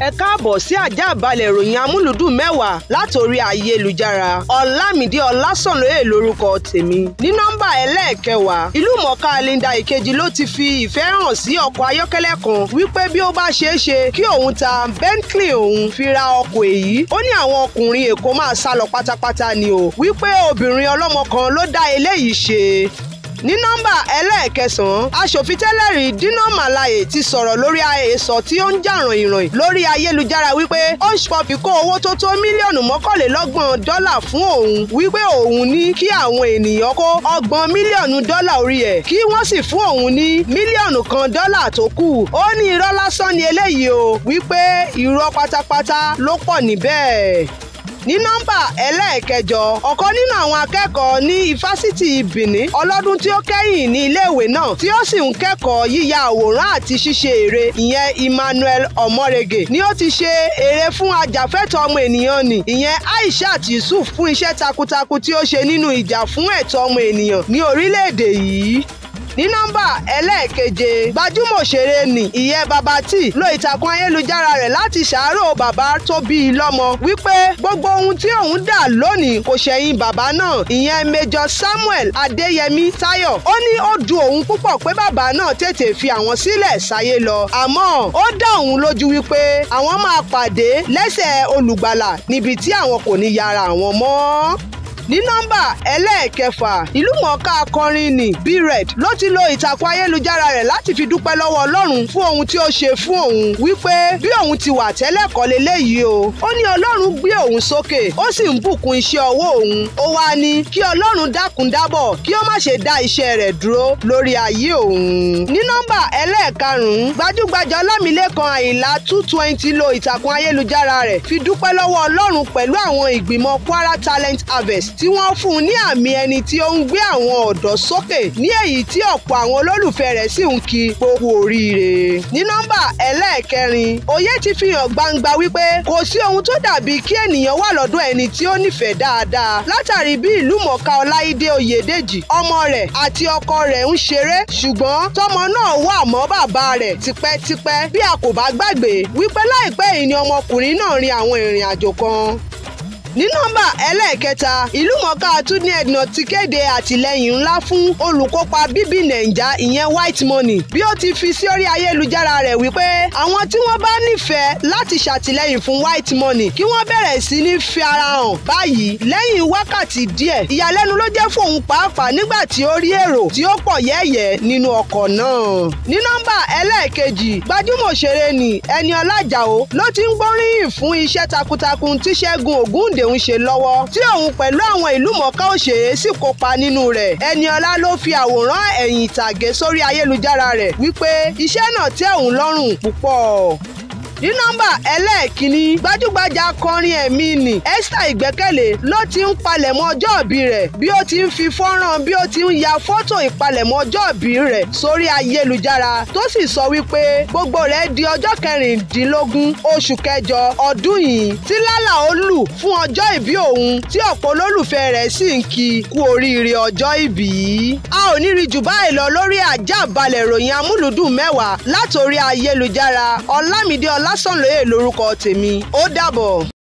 ẹ káàbọ̀ sí àjà àbálẹ̀ ìròyìn amúlùdùn mẹ́wàá látòrí ayélujára ọ̀làmídìí ọ̀làsànlóye lórúkọ tèmi ní nọ́mbà ẹlẹ́ẹ̀kẹwàá ìlú mọ̀ọ́ká Linda Ìkejì ló ti fi ìfẹ́ hàn sí ọkọ̀ ayọ́kẹ́lẹ́ kan wípé bí ó bá ṣeé ṣe kí òun ta Bentley òun fi ra ọkọ̀ èyí ó ní àwọn ọkùnrin Èkó máa sá lọ pátápátá ni o wípé obìnrin ọlọ́mọ kan ló dá eléyìí ṣe ní nọ́mbà ẹlẹ́ẹ̀kẹsàn-án aṣòfin tẹ́lẹ̀rí Dino Malaye ti sọ̀rọ̀ lórí àhesọ tí ó ń jà ràìnràìn lórí ayélujára wípé Hush Puppy kó owó tó tó mílíọ̀nù mọ́kànlélọ́gbọ̀n dọ́là fún òun wípé òun ní kí àwọn ènìyàn kó ọgbọ̀n mílíọ̀nù dọ́là orí ẹ̀ kí wọ́n sì fún òun ní mílíọ̀nù kan dọ́là tó kù ó ní irọ́ lásán ni eléyìí o wípé irọ́ pátápátá ló pọ̀ níbẹ̀ ní nọ́mbà ẹlẹ́ẹ̀kẹjọ ọ̀kan nínú àwọn akẹ́kọ̀ọ́ ní ifásitì Benin ọlọ́dún tí ó kẹ́yìn ní iléèwé náà tí ó sì ń kẹ́kọ̀ọ́ yíya àwòrán àti ṣíṣe eré ìyẹn Emmanuel Omorege ni ó ti ṣe eré fún ajàfẹ́tọ̀ ọmọ ènìyàn nì ìyẹn Aishat Yusuf fún iṣẹ́ takuntakun tí ó ṣe nínú ìjà fún ẹ̀tọ́ ọmọ ènìyàn ní orílẹ̀ yìí ní nọ́mbà ẹlẹ́ẹ̀keje gbajúmọ̀ òṣèré nì ìyẹn Babati lo ìtàkùn ayélujára rẹ̀ láti ṣàárò bàbá tó bí i lọ́mọ wípé gbogbo ohun tí òun dà lónìí kò ṣẹ̀yìn bàbá náà ìyẹn Major Samuel Adeyemi Tayo ó ní ó du òun púpọ̀ pé bàbá náà tètè fi àwọn sílẹ̀ sáyé lọ àmọ́ ó dá òun lójú wípé àwọn máa pàdé lẹ́sẹ̀ olùgbàlà níbi tí àwọn kò ní yára àwọn mọ́ ní nọ́mbà ẹlẹ́ẹ̀kẹfà ìlúmọ̀ọ́ká akọrin nì bred ló ti lo ìtàkùn ayélujára rẹ̀ láti fi dúpẹ́ lọ́wọ́ ọlọ́run fún ohun tí ó ṣe fún òun wípé bí òun ti wà tẹ́lẹ̀ kọ́ leléyìí o ó ní ọlọ́run gbé òun sókè ó sì ń bùkún iṣẹ́ ọwọ́ òun ó wá ní kí ọlọ́run dákun dábọ̀ kí ó má ṣe dá iṣẹ́ rẹ̀ dúró lórí ayé òun ní nọ́mbà ẹlẹ́ẹ̀karùn-ún gbajúgbajà ọlámilẹ́kan àyìnlá two twenty lo ìtàkùn ayélujára rẹ̀ fi dúpẹ́ lọ́wọ́ ọlọ́run pẹ̀lú àwọn ìgbìmọ̀ kwara talent harvest tí wọ́n fún un ní àmì ẹni tí ó ń gbé àwọn ọ̀dọ́ sókè ní èyí tí ọ̀pọ̀ àwọn olólùfẹ́ rẹ̀ sì ń kí gbogbo oríire. ní nọ́mbà ẹlẹ́ẹ̀kẹrin oyè ti fi hàn gbangba wípé kò sí ohun tó dàbí kí ènìyàn wà lọ́dọ̀ ẹni tí ó nífẹ̀ẹ́ dáadáa látàrí bí ìlú mọ̀ọ́ká ọláìdé oyèdèjì ọmọ rẹ̀ àti ọkọ rẹ̀ ń ṣeré ṣùgbọ́n tọmọ náà wà mọ́ bàbá rẹ̀ tipẹ́tipẹ́ bí a kò bá gbàgbé wípé láìpẹ́ yìí ní nọ́mbà ẹlẹ́ẹ̀kẹta ìlúmọ̀ọ́ká Tunde Edna ti kéde àtìlẹ́yìn ńlá fún olùkópa bíbí nàìjà ìyẹn white money bí ó ti fi sí orí ayélujára rẹ̀ wípé àwọn tí wọ́n bá nífẹ̀ẹ́ láti ṣàtìlẹ́yìn fún white money kí wọ́n bẹ̀rẹ̀ sí ní fi ara hàn báyìí lẹ́yìn wákàtí díẹ̀ ìyàlẹ́nu ló jẹ́ fóun pàápàá nígbà tí ó rí èrò tí ó pọ̀ yẹ́yẹ́ nínú ọkọ̀ náà ní nọ́mbà ẹlẹ́ẹ̀kejì gbajúmọ̀ òṣèré ni Ẹniọlá Àjàó ló ti ń gbóríyìn fún iṣẹ́ takuntakun tí Ṣẹ́gun òun ṣe lọ́wọ́ tí òun pẹ̀lú àwọn ìlúmọ̀ọ́ká òṣèré sì kópa nínú rẹ̀ Ẹniọlá ló fi àwòrán ẹ̀yìn ìtàgé sórí ayélujára rẹ̀ wípé iṣẹ́ náà tẹ́ òun lọ́rùn púpọ̀ ní nọ́mbà ẹlẹ́ẹ̀kínní gbajúgbajà akọrin ẹ̀mí nì Esther Ìgbẹ́kẹ̀lé ló ti ń palẹ̀mọ́ ọjọ́ọ̀bí rẹ̀ bí ó ti ń fi fọ́nrán bí ó ti ń ya fọ́tò ìpalẹ̀mọ́ ọjọ́ọ̀bí rẹ̀ sórí ayélujára tó sì sọ wípé gbogbo rẹ̀ di ọjọ́ kẹrìndínlógún oṣù kẹjọ ọdún yìí tí lálà ó lù fún ọjọ́ ìbí òun tí ọ̀pọ̀ olólùfẹ́ rẹ̀ sì ń kí kú oríire ọjọ́ ìbí. a ò ní rí jù báyìí lọ lórí àjàbalẹ̀ ìròyìn amúlùdùn mẹ́wàá látòrí ayélujára ọlámídé ọl Ọlásànlóye lórúkọ tèmi ó dàbọ̀.